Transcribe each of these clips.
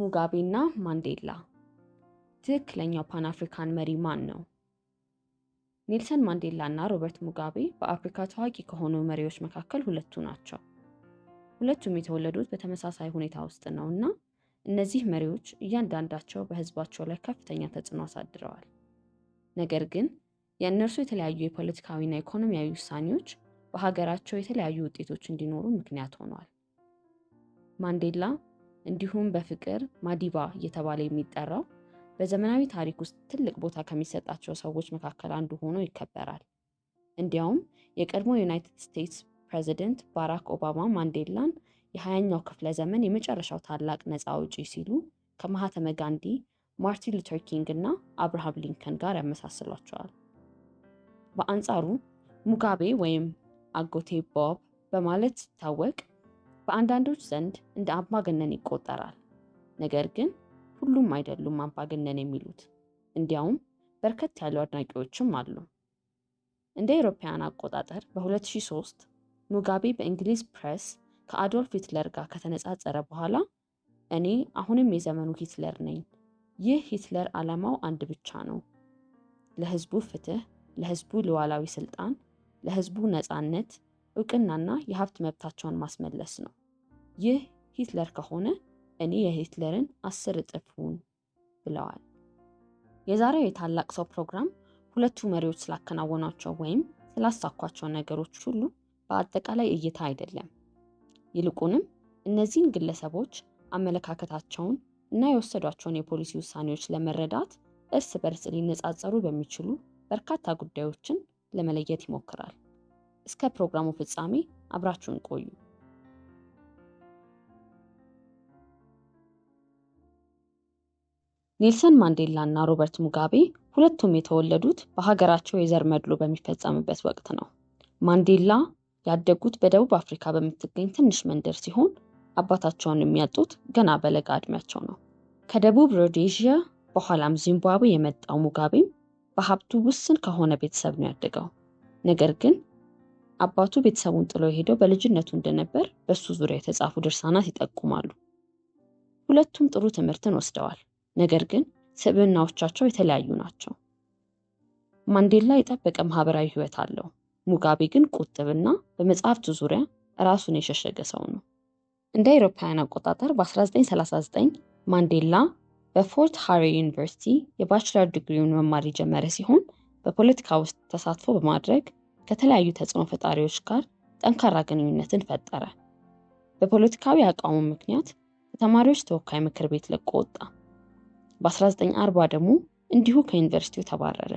ሙጋቤ እና ማንዴላ። ትክክለኛው ፓን አፍሪካን መሪ ማን ነው? ኔልሰን ማንዴላ እና ሮበርት ሙጋቤ በአፍሪካ ታዋቂ ከሆኑ መሪዎች መካከል ሁለቱ ናቸው። ሁለቱም የተወለዱት በተመሳሳይ ሁኔታ ውስጥ ነው እና እነዚህ መሪዎች እያንዳንዳቸው በህዝባቸው ላይ ከፍተኛ ተጽዕኖ አሳድረዋል። ነገር ግን የእነርሱ የተለያዩ የፖለቲካዊና ኢኮኖሚያዊ ውሳኔዎች በሀገራቸው የተለያዩ ውጤቶች እንዲኖሩ ምክንያት ሆኗል። ማንዴላ እንዲሁም በፍቅር ማዲባ እየተባለ የሚጠራው በዘመናዊ ታሪክ ውስጥ ትልቅ ቦታ ከሚሰጣቸው ሰዎች መካከል አንዱ ሆኖ ይከበራል። እንዲያውም የቀድሞ ዩናይትድ ስቴትስ ፕሬዚደንት ባራክ ኦባማ ማንዴላን የሃያኛው ክፍለ ዘመን የመጨረሻው ታላቅ ነፃ አውጪ ሲሉ ከማህተመ ጋንዲ፣ ማርቲን ሉተር ኪንግ እና አብርሃም ሊንከን ጋር ያመሳስሏቸዋል። በአንጻሩ ሙጋቤ ወይም አጎቴ ቦብ በማለት ሲታወቅ በአንዳንዶች ዘንድ እንደ አምባገነን ይቆጠራል። ነገር ግን ሁሉም አይደሉም አምባገነን የሚሉት። እንዲያውም በርከት ያሉ አድናቂዎችም አሉ። እንደ አውሮፓውያን አቆጣጠር በ2003 ሙጋቤ በእንግሊዝ ፕሬስ ከአዶልፍ ሂትለር ጋር ከተነጻጸረ በኋላ እኔ አሁንም የዘመኑ ሂትለር ነኝ። ይህ ሂትለር ዓላማው አንድ ብቻ ነው፣ ለህዝቡ ፍትህ፣ ለህዝቡ ሉዓላዊ ስልጣን፣ ለህዝቡ ነፃነት እውቅናና የሀብት መብታቸውን ማስመለስ ነው። ይህ ሂትለር ከሆነ እኔ የሂትለርን አስር እጥፉን ብለዋል። የዛሬው የታላቅ ሰው ፕሮግራም ሁለቱ መሪዎች ስላከናወኗቸው ወይም ስላሳኳቸው ነገሮች ሁሉ በአጠቃላይ እይታ አይደለም። ይልቁንም እነዚህን ግለሰቦች አመለካከታቸውን እና የወሰዷቸውን የፖሊሲ ውሳኔዎች ለመረዳት እርስ በርስ ሊነጻጸሩ በሚችሉ በርካታ ጉዳዮችን ለመለየት ይሞክራል። እስከ ፕሮግራሙ ፍጻሜ አብራችሁን ቆዩ። ኔልሰን ማንዴላ እና ሮበርት ሙጋቤ ሁለቱም የተወለዱት በሀገራቸው የዘር መድሎ በሚፈጸምበት ወቅት ነው። ማንዴላ ያደጉት በደቡብ አፍሪካ በምትገኝ ትንሽ መንደር ሲሆን አባታቸውን የሚያጡት ገና በለጋ ዕድሜያቸው ነው። ከደቡብ ሮዴዥያ በኋላም ዚምባብዌ የመጣው ሙጋቤም በሀብቱ ውስን ከሆነ ቤተሰብ ነው ያደገው። ነገር ግን አባቱ ቤተሰቡን ጥሎ የሄደው በልጅነቱ እንደነበር በእሱ ዙሪያ የተጻፉ ድርሳናት ይጠቁማሉ። ሁለቱም ጥሩ ትምህርትን ወስደዋል። ነገር ግን ስብዕናዎቻቸው የተለያዩ ናቸው። ማንዴላ የጠበቀ ማህበራዊ ህይወት አለው። ሙጋቤ ግን ቁጥብና በመጽሐፍቱ ዙሪያ ራሱን የሸሸገ ሰው ነው። እንደ አውሮፓውያን አቆጣጠር በ1939 ማንዴላ በፎርት ሃሪ ዩኒቨርሲቲ የባችለር ዲግሪውን መማር የጀመረ ሲሆን በፖለቲካ ውስጥ ተሳትፎ በማድረግ ከተለያዩ ተጽዕኖ ፈጣሪዎች ጋር ጠንካራ ግንኙነትን ፈጠረ። በፖለቲካዊ አቋሙ ምክንያት ከተማሪዎች ተወካይ ምክር ቤት ለቆ ወጣ። በ1940 ደግሞ እንዲሁ ከዩኒቨርሲቲው ተባረረ።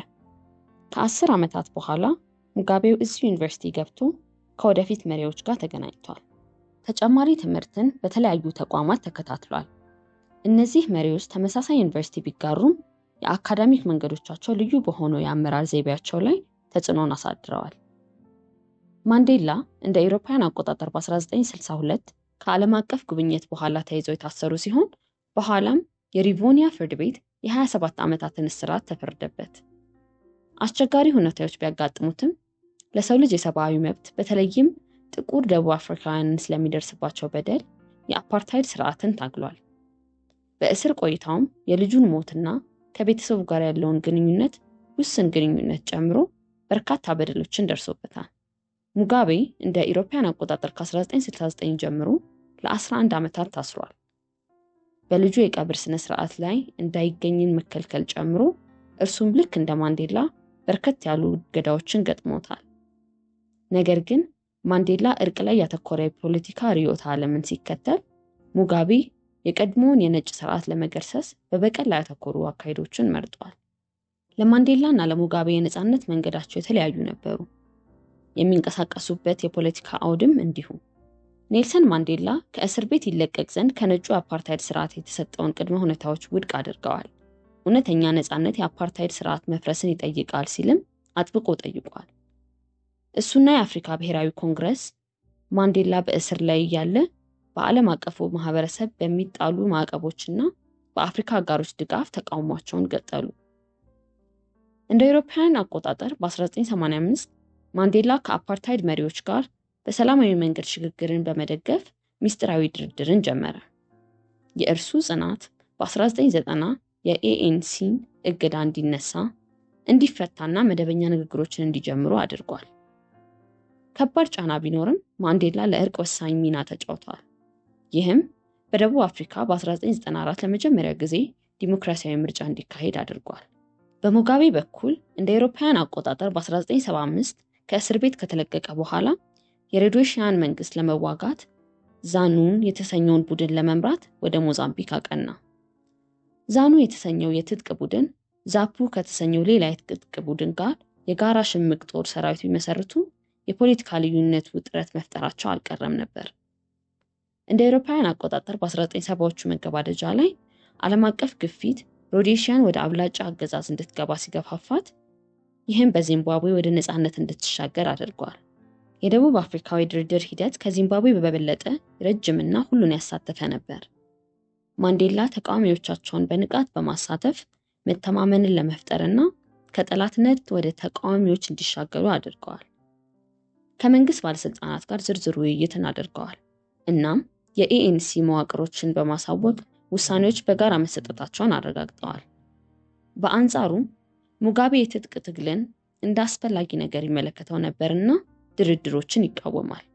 ከአስር ዓመታት በኋላ ሙጋቤው እዚሁ ዩኒቨርሲቲ ገብቶ ከወደፊት መሪዎች ጋር ተገናኝቷል። ተጨማሪ ትምህርትን በተለያዩ ተቋማት ተከታትሏል። እነዚህ መሪዎች ተመሳሳይ ዩኒቨርሲቲ ቢጋሩም የአካዳሚክ መንገዶቻቸው ልዩ በሆነው የአመራር ዘይቤያቸው ላይ ተጽዕኖን አሳድረዋል። ማንዴላ እንደ አውሮፓውያን አቆጣጠር በ1962 ከዓለም አቀፍ ጉብኝት በኋላ ተይዘው የታሰሩ ሲሆን በኋላም የሪቮኒያ ፍርድ ቤት የ27 ዓመታትን እስራት ተፈረደበት። አስቸጋሪ ሁኔታዎች ቢያጋጥሙትም ለሰው ልጅ የሰብአዊ መብት በተለይም ጥቁር ደቡብ አፍሪካውያንን ስለሚደርስባቸው በደል የአፓርታይድ ስርዓትን ታግሏል። በእስር ቆይታውም የልጁን ሞትና ከቤተሰቡ ጋር ያለውን ግንኙነት ውስን ግንኙነት ጨምሮ በርካታ በደሎችን ደርሶበታል። ሙጋቤ እንደ ኢሮፓያን አቆጣጠር ከ1969 ጀምሮ ለ11 ዓመታት ታስሯል። በልጁ የቀብር ስነ ስርዓት ላይ እንዳይገኝን መከልከል ጨምሮ እርሱም ልክ እንደ ማንዴላ በርከት ያሉ ገዳዎችን ገጥሞታል። ነገር ግን ማንዴላ እርቅ ላይ ያተኮረ የፖለቲካ ርዕዮተ ዓለምን ሲከተል፣ ሙጋቤ የቀድሞውን የነጭ ስርዓት ለመገርሰስ በበቀል ላይ ያተኮሩ አካሄዶችን መርጧል። ለማንዴላና ለሙጋቤ የነፃነት መንገዳቸው የተለያዩ ነበሩ። የሚንቀሳቀሱበት የፖለቲካ አውድም እንዲሁ። ኔልሰን ማንዴላ ከእስር ቤት ይለቀቅ ዘንድ ከነጩ የአፓርታይድ ስርዓት የተሰጠውን ቅድመ ሁኔታዎች ውድቅ አድርገዋል። እውነተኛ ነፃነት የአፓርታይድ ስርዓት መፍረስን ይጠይቃል ሲልም አጥብቆ ጠይቋል። እሱና የአፍሪካ ብሔራዊ ኮንግረስ ማንዴላ በእስር ላይ እያለ በዓለም አቀፉ ማህበረሰብ በሚጣሉ ማዕቀቦችና በአፍሪካ አጋሮች ድጋፍ ተቃውሟቸውን ገጠሉ። እንደ አውሮፓውያን አቆጣጠር በ1985 ማንዴላ ከአፓርታይድ መሪዎች ጋር በሰላማዊ መንገድ ሽግግርን በመደገፍ ምስጢራዊ ድርድርን ጀመረ። የእርሱ ጽናት በ1990 የኤኤንሲን እገዳ እንዲነሳ እንዲፈታና መደበኛ ንግግሮችን እንዲጀምሩ አድርጓል። ከባድ ጫና ቢኖርም ማንዴላ ለእርቅ ወሳኝ ሚና ተጫውተዋል። ይህም በደቡብ አፍሪካ በ1994 ለመጀመሪያ ጊዜ ዲሞክራሲያዊ ምርጫ እንዲካሄድ አድርጓል። በሙጋቤ በኩል እንደ አውሮፓውያን አቆጣጠር በ1975 ከእስር ቤት ከተለቀቀ በኋላ የሬዶሽያን መንግስት ለመዋጋት ዛኑን የተሰኘውን ቡድን ለመምራት ወደ ሞዛምቢክ አቀና። ዛኑ የተሰኘው የትጥቅ ቡድን ዛፑ ከተሰኘው ሌላ የትጥቅ ቡድን ጋር የጋራ ሽምቅ ጦር ሰራዊት ቢመሰርቱ የፖለቲካ ልዩነት ውጥረት መፍጠራቸው አልቀረም ነበር። እንደ ኤሮፓውያን አቆጣጠር በ1970ዎቹ መገባደጃ ላይ ዓለም አቀፍ ግፊት ሮዴሽያን ወደ አብላጫ አገዛዝ እንድትገባ ሲገፋፋት፣ ይህም በዚምባብዌ ወደ ነፃነት እንድትሻገር አድርጓል። የደቡብ አፍሪካዊ ድርድር ሂደት ከዚምባብዌ በበለጠ ረጅምና ሁሉን ያሳተፈ ነበር። ማንዴላ ተቃዋሚዎቻቸውን በንቃት በማሳተፍ መተማመንን ለመፍጠርና ከጠላትነት ወደ ተቃዋሚዎች እንዲሻገሩ አድርገዋል። ከመንግስት ባለስልጣናት ጋር ዝርዝር ውይይትን አድርገዋል። እናም የኤኤንሲ መዋቅሮችን በማሳወቅ ውሳኔዎች በጋራ መሰጠታቸውን አረጋግጠዋል። በአንጻሩም ሙጋቤ የትጥቅ ትግልን እንደ አስፈላጊ ነገር ይመለከተው ነበርና ድርድሮችን ይቃወማል።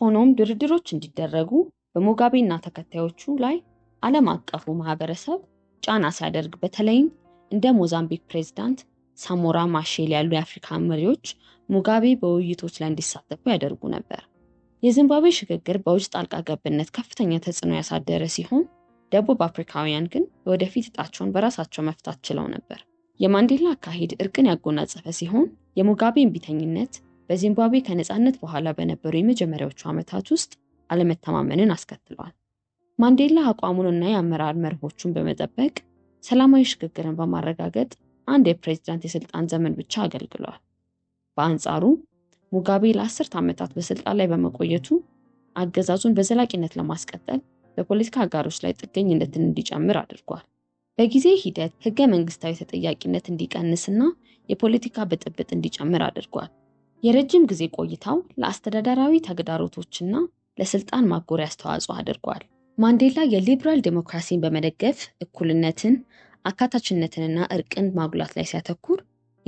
ሆኖም ድርድሮች እንዲደረጉ በሙጋቤና ተከታዮቹ ላይ ዓለም አቀፉ ማህበረሰብ ጫና ሲያደርግ በተለይም እንደ ሞዛምቢክ ፕሬዚዳንት ሳሞራ ማሼል ያሉ የአፍሪካ መሪዎች ሙጋቤ በውይይቶች ላይ እንዲሳተፉ ያደርጉ ነበር። የዚምባብዌ ሽግግር በውጭ ጣልቃ ገብነት ከፍተኛ ተጽዕኖ ያሳደረ ሲሆን ደቡብ አፍሪካውያን ግን የወደፊት እጣቸውን በራሳቸው መፍታት ችለው ነበር። የማንዴላ አካሄድ እርቅን ያጎናጸፈ ሲሆን የሙጋቤ እምቢተኝነት በዚምባብዌ ከነፃነት በኋላ በነበሩ የመጀመሪያዎቹ ዓመታት ውስጥ አለመተማመንን አስከትሏል። ማንዴላ አቋሙንና የአመራር መርሆቹን በመጠበቅ ሰላማዊ ሽግግርን በማረጋገጥ አንድ የፕሬዚዳንት የስልጣን ዘመን ብቻ አገልግሏል። በአንጻሩ ሙጋቤ ለአስርት ዓመታት በስልጣን ላይ በመቆየቱ አገዛዙን በዘላቂነት ለማስቀጠል በፖለቲካ አጋሮች ላይ ጥገኝነትን እንዲጨምር አድርጓል። በጊዜ ሂደት ህገ መንግስታዊ ተጠያቂነት እንዲቀንስና የፖለቲካ ብጥብጥ እንዲጨምር አድርጓል። የረጅም ጊዜ ቆይታው ለአስተዳደራዊ ተግዳሮቶችና ለስልጣን ማጎሪያ አስተዋጽኦ አድርጓል። ማንዴላ የሊብራል ዴሞክራሲን በመደገፍ እኩልነትን፣ አካታችነትንና እርቅን ማጉላት ላይ ሲያተኩር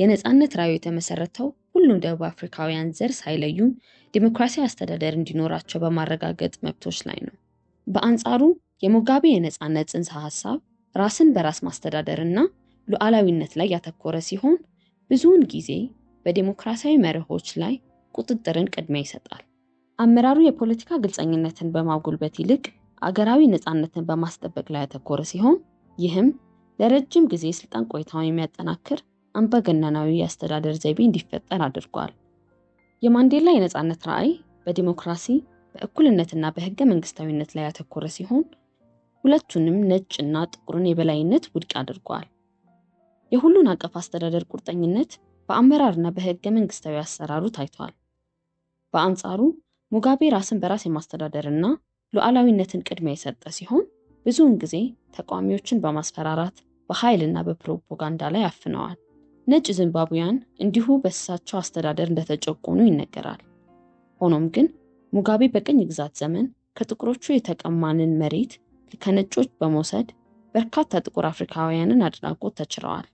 የነፃነት ራዕዩ የተመሰረተው ሁሉም ደቡብ አፍሪካውያን ዘር ሳይለዩም ዴሞክራሲያዊ አስተዳደር እንዲኖራቸው በማረጋገጥ መብቶች ላይ ነው። በአንጻሩ የሙጋቤ የነፃነት ጽንሰ ሐሳብ ራስን በራስ ማስተዳደርና ሉዓላዊነት ላይ ያተኮረ ሲሆን ብዙውን ጊዜ በዴሞክራሲያዊ መርሆች ላይ ቁጥጥርን ቅድሚያ ይሰጣል። አመራሩ የፖለቲካ ግልጸኝነትን በማጎልበት ይልቅ አገራዊ ነፃነትን በማስጠበቅ ላይ ያተኮረ ሲሆን ይህም ለረጅም ጊዜ ስልጣን ቆይታውን የሚያጠናክር አምባገነናዊ የአስተዳደር ዘይቤ እንዲፈጠር አድርጓል። የማንዴላ የነፃነት ራዕይ በዲሞክራሲ በእኩልነትና በህገ መንግስታዊነት ላይ ያተኮረ ሲሆን ሁለቱንም ነጭና ጥቁርን የበላይነት ውድቅ አድርጓል። የሁሉን አቀፍ አስተዳደር ቁርጠኝነት በአመራርና በህገ መንግስታዊ አሰራሩ ታይቷል። በአንጻሩ ሙጋቤ ራስን በራስ የማስተዳደርና ሉዓላዊነትን ቅድሚያ የሰጠ ሲሆን ብዙውን ጊዜ ተቃዋሚዎችን በማስፈራራት በኃይልና በፕሮፓጋንዳ ላይ አፍነዋል። ነጭ ዚምባብያን እንዲሁ በእሳቸው አስተዳደር እንደተጨቆኑ ይነገራል። ሆኖም ግን ሙጋቤ በቅኝ ግዛት ዘመን ከጥቁሮቹ የተቀማንን መሬት ከነጮች በመውሰድ በርካታ ጥቁር አፍሪካውያንን አድናቆት ተችለዋል።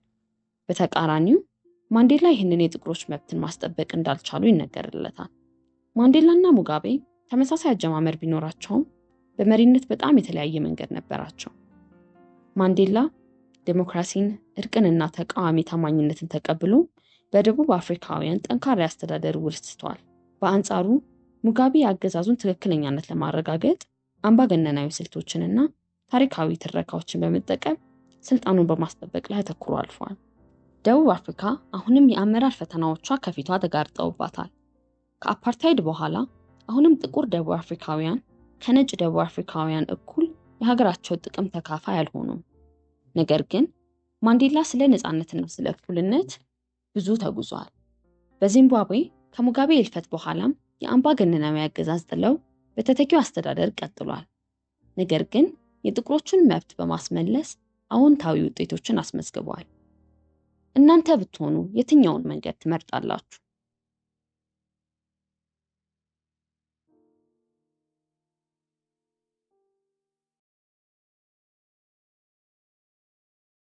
በተቃራኒው ማንዴላ ይህንን የጥቁሮች መብትን ማስጠበቅ እንዳልቻሉ ይነገርለታል። ማንዴላና ሙጋቤ ተመሳሳይ አጀማመር ቢኖራቸውም በመሪነት በጣም የተለያየ መንገድ ነበራቸው። ማንዴላ ዴሞክራሲን፣ እርቅንና ተቃዋሚ ታማኝነትን ተቀብሎ በደቡብ አፍሪካውያን ጠንካራ አስተዳደር ውርስ ትቷል። በአንጻሩ ሙጋቤ የአገዛዙን ትክክለኛነት ለማረጋገጥ አምባገነናዊ ስልቶችንና ታሪካዊ ትረካዎችን በመጠቀም ስልጣኑን በማስጠበቅ ላይ አተኩሮ አልፏል። ደቡብ አፍሪካ አሁንም የአመራር ፈተናዎቿ ከፊቷ ተጋርጠውባታል። ከአፓርታይድ በኋላ አሁንም ጥቁር ደቡብ አፍሪካውያን ከነጭ ደቡብ አፍሪካውያን እኩል የሀገራቸው ጥቅም ተካፋይ አልሆኑም። ነገር ግን ማንዴላ ስለ ነፃነትና ስለ እኩልነት ብዙ ተጉዟል። በዚምባብዌ ከሙጋቤ እልፈት በኋላም የአምባገነናዊ አገዛዝ ጥለው በተተኪው አስተዳደር ቀጥሏል። ነገር ግን የጥቁሮቹን መብት በማስመለስ አዎንታዊ ውጤቶችን አስመዝግቧል። እናንተ ብትሆኑ የትኛውን መንገድ ትመርጣላችሁ?